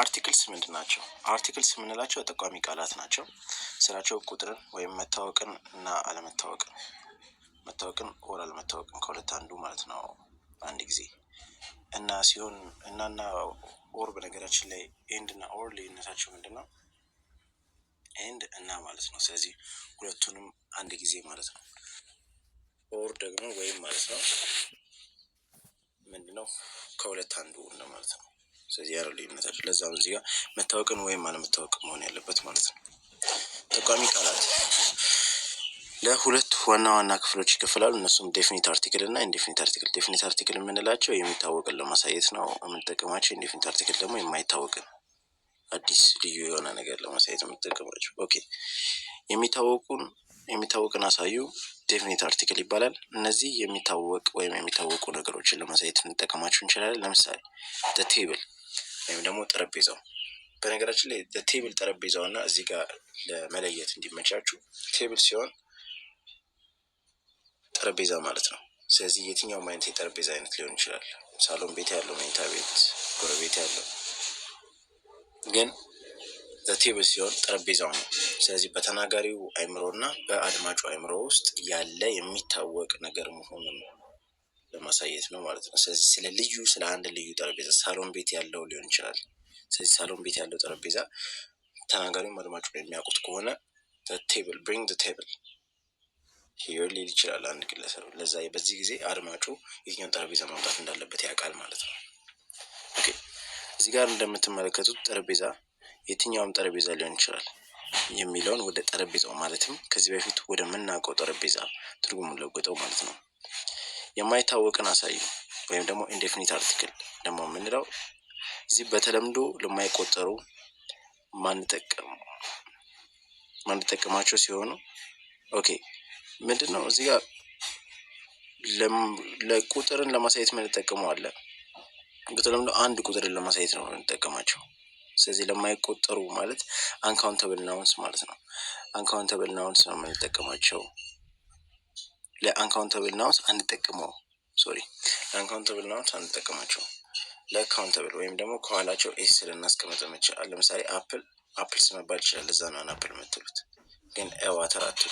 አርቲክልስ ምንድን ናቸው? አርቲክልስ የምንላቸው ጠቋሚ ቃላት ናቸው። ስራቸው ቁጥርን ወይም መታወቅን እና አለመታወቅን መታወቅን ወር አለመታወቅን ከሁለት አንዱ ማለት ነው። አንድ ጊዜ እና ሲሆን እናና ኦር በነገራችን ላይ ኤንድ እና ኦር ልዩነታቸው ምንድን ነው? ኤንድ እና ማለት ነው። ስለዚህ ሁለቱንም አንድ ጊዜ ማለት ነው። ኦር ደግሞ ወይም ማለት ነው ምንድን ነው? ከሁለት አንዱ ማለት ነው። ስለዚህ ያለው አለ። ለዛ ነው እዚህ ጋር መታወቅን ወይም አለመታወቅ መሆን ያለበት ማለት ነው። ጠቋሚ ቃላት ለሁለት ዋና ዋና ክፍሎች ይከፈላሉ እነሱም ዴፊኒት አርቲክል እና ኢንዴፊኒት አርቲክል። ዴፊኒት አርቲክል የምንላቸው የሚታወቅን ለማሳየት ነው የምንጠቀማቸው። ኢንዴፊኒት አርቲክል ደግሞ የማይታወቅን አዲስ ልዩ የሆነ ነገር ለማሳየት የምንጠቀማቸው። ኦኬ የሚታወቁን የሚታወቅን አሳዩ ዴፊኒት አርቲክል ይባላል። እነዚህ የሚታወቅ ወይም የሚታወቁ ነገሮችን ለማሳየት ልንጠቀማቸው እንችላለን። ለምሳሌ ቴብል ወይም ደግሞ ጠረጴዛው በነገራችን ላይ ቴብል ጠረጴዛው እና እዚህ ጋር ለመለየት እንዲመቻችሁ ቴብል ሲሆን ጠረጴዛ ማለት ነው። ስለዚህ የትኛውም አይነት የጠረጴዛ አይነት ሊሆን ይችላል። ሳሎን ቤት ያለው፣ መኝታ ቤት፣ ጎረቤት ያለው ግን ቴብል ሲሆን ጠረጴዛው ነው። ስለዚህ በተናጋሪው አይምሮ እና በአድማጩ አይምሮ ውስጥ ያለ የሚታወቅ ነገር መሆኑን ለማሳየት ነው ማለት ነው። ስለዚህ ስለ ልዩ ስለ አንድ ልዩ ጠረጴዛ ሳሎን ቤት ያለው ሊሆን ይችላል። ስለዚህ ሳሎን ቤት ያለው ጠረጴዛ ተናጋሪውም አድማጩ የሚያውቁት ከሆነ ቴብል ብሪንግ ቴብል ሄር ሊል ይችላል አንድ ግለሰብ። ለዛ በዚህ ጊዜ አድማጩ የትኛውን ጠረጴዛ ማምጣት እንዳለበት ያውቃል ማለት ነው። እዚህ ጋር እንደምትመለከቱት ጠረጴዛ የትኛውም ጠረጴዛ ሊሆን ይችላል የሚለውን ወደ ጠረጴዛው ማለትም ከዚህ በፊት ወደ ምናውቀው ጠረጴዛ ትርጉሙን ለውጠው ማለት ነው። የማይታወቅን አሳዩ ወይም ደግሞ ኢንዴፊኒት አርቲክል ደግሞ የምንለው እዚህ በተለምዶ ለማይቆጠሩ ማንጠቀማቸው ሲሆኑ ኦኬ ምንድን ነው እዚህ ጋር ለቁጥርን ለማሳየት የምንጠቀመው አለ። በተለምዶ አንድ ቁጥርን ለማሳየት ነው የምንጠቀማቸው። ስለዚህ ለማይቆጠሩ ማለት አንካውንተብል ናውንስ ማለት ነው። አንካውንተብል ናውንስ ነው የምንጠቀማቸው። ለአንካውንተብል ናውንስ አንጠቅመው ሶሪ ለአንካውንተብል ናውንስ አንጠቀማቸው ለአካውንተብል ወይም ደግሞ ከኋላቸው ኤስ ልናስቀምጥ እንችላለን። ለምሳሌ አፕል አፕል ስመባል ይችላል። እዛ ነው አፕል የምትሉት ግን ዋተር አትሉ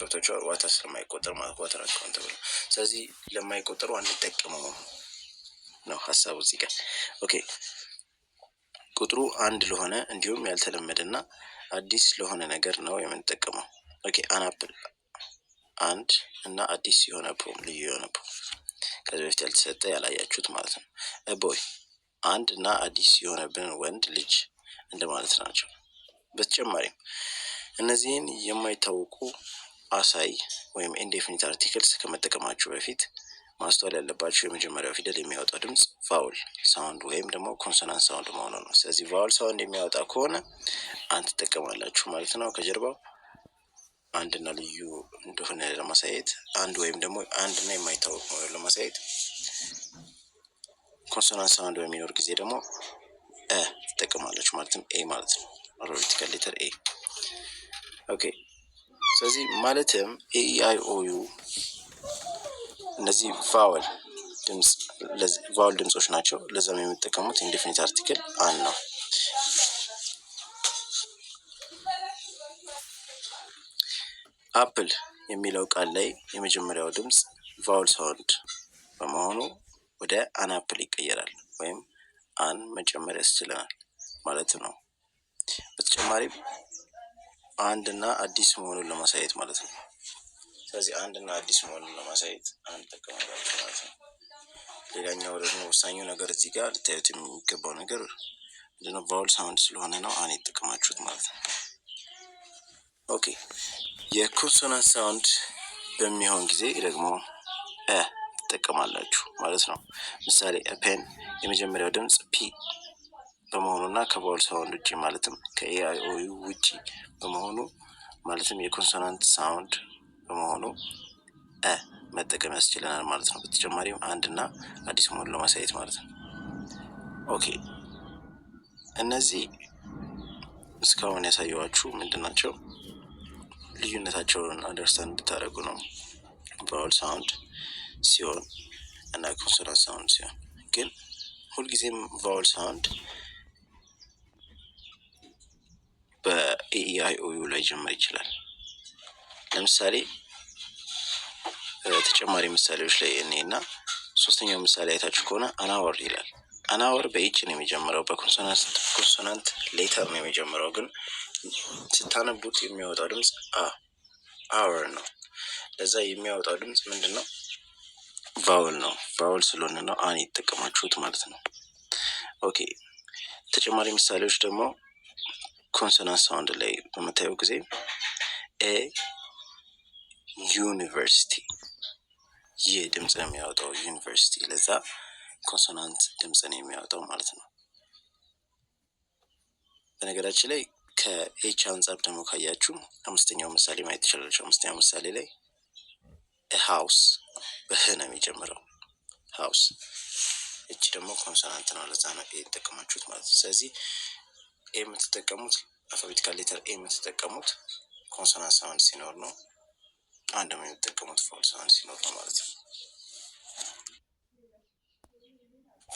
ገብቶች ዋተር ስለማይቆጠር ማለት ዋተር አካውንተብል ነው። ስለዚህ ለማይቆጠሩ አንጠቅመው ነው ሀሳቡ እዚህ ጋር ኦኬ። ቁጥሩ አንድ ለሆነ እንዲሁም ያልተለመደ እና አዲስ ለሆነ ነገር ነው የምንጠቀመው። ኦኬ አናፕል አንድ እና አዲስ የሆነ ፖም ልዩ የሆነ ፖም ከዚህ በፊት ያልተሰጠ ያላያችሁት ማለት ነው። ቦይ አንድ እና አዲስ የሆነብን ወንድ ልጅ እንደማለት ናቸው። በተጨማሪም እነዚህን የማይታወቁ አሳይ ወይም ኢንዴፊኒት አርቲክልስ ከመጠቀማችሁ በፊት ማስተዋል ያለባችሁ የመጀመሪያው ፊደል የሚያወጣው ድምፅ ቫውል ሳውንድ ወይም ደግሞ ኮንሶናንት ሳውንድ መሆኑ ነው። ስለዚህ ቫውል ሳውንድ የሚያወጣ ከሆነ አንድ ትጠቀማላችሁ ማለት ነው ከጀርባው አንድና ልዩ እንደሆነ ለማሳየት አንድ ወይም ደግሞ አንድና የማይታወቅ መሆኑን ለማሳየት ኮንሶናንት ሳውንድ በሚኖር ጊዜ ደግሞ እ ትጠቀማለች ማለትም ኤ ማለት ነው። አልፋቤቲካል ሌተር ኤ። ኦኬ ስለዚህ ማለትም ኤ አይ ኦ ዩ እነዚህ ቫወል ድምፅ ቫወል ድምፆች ናቸው። ለዛም የምጠቀሙት ኢንዲፊኒት አርቲክል አን ነው። አፕል የሚለው ቃል ላይ የመጀመሪያው ድምፅ ቫውል ሳውንድ በመሆኑ ወደ አን አፕል ይቀየራል ወይም አን መጨመሪያ ያስችለናል ማለት ነው። በተጨማሪም አንድ እና አዲስ መሆኑን ለማሳየት ማለት ነው። ስለዚህ ና አዲስ መሆኑን ለማሳየት አንድ ጠቀመባቸው ማለት ነው። ሌላኛው ደግሞ ወሳኙ ነገር እዚህ ጋር ልታዩት የሚገባው ነገር ምንድነው? ቫውል ሳውንድ ስለሆነ ነው አን የጠቀማችሁት ማለት ነው። ኦኬ የኮንሶናንት ሳውንድ በሚሆን ጊዜ ደግሞ እ ትጠቀማላችሁ ማለት ነው። ምሳሌ ፔን የመጀመሪያው ድምፅ ፒ እና ከቫውል ሳውንድ ውጭ ማለትም ከኤአይኦዩ ውጭ በመሆኑ ማለትም የኮንሶናንት ሳውንድ በመሆኑ እ መጠቀም ያስችለናል ማለት ነው። በተጨማሪም አንድና አዲስ መሆኑ ለማሳየት ማለት ነው። ኦኬ እነዚህ እስካሁን ያሳየዋችሁ ምንድን ናቸው? ልዩነታቸውን አንደርስታንድ እንድታደረጉ ነው። ቫውል ሳውንድ ሲሆን እና ኮንሶናንት ሳውንድ ሲሆን ግን ሁልጊዜም ቫውል ሳውንድ በኤኢአይኦዩ ላይ ጀመር ይችላል። ለምሳሌ ተጨማሪ ምሳሌዎች ላይ እኔ እና ሶስተኛው ምሳሌ አይታችሁ ከሆነ አናወር ይላል። አናወር በኤች ነው የሚጀምረው፣ በኮንሶናንት ሌተር ነው የሚጀምረው ግን ስታነቡት የሚያወጣው ድምፅ አ አወር ነው። ለዛ የሚያወጣው ድምፅ ምንድን ነው? ቫውል ነው። ቫውል ስለሆነ ነው አን የተጠቀማችሁት ማለት ነው። ኦኬ ተጨማሪ ምሳሌዎች ደግሞ ኮንሶናንት ሳውንድ ላይ በምታየው ጊዜ ኤ ዩኒቨርሲቲ ይህ ድምፅ ነው የሚያወጣው ዩኒቨርሲቲ። ለዛ ኮንሶናንት ድምፅ ነው የሚያወጣው ማለት ነው። በነገራችን ላይ ከኤች አንጻር ደግሞ ካያችሁ አምስተኛው ምሳሌ ማየት ትችላላችሁ። አምስተኛው ምሳሌ ላይ ሀውስ በህ ነው የሚጀምረው ሀውስ እች ደግሞ ኮንሶናንት ነው፣ ለዛ ነው ኤ የተጠቀማችሁት ማለት ነው። ስለዚህ ኤ የምትጠቀሙት አልፋቤቲካል ሌተር ኤ የምትጠቀሙት ኮንሶናንት ሳውንድ ሲኖር ነው። አንድ ደግሞ የምትጠቀሙት ቮወል ሳውንድ ሲኖር ነው ማለት ነው።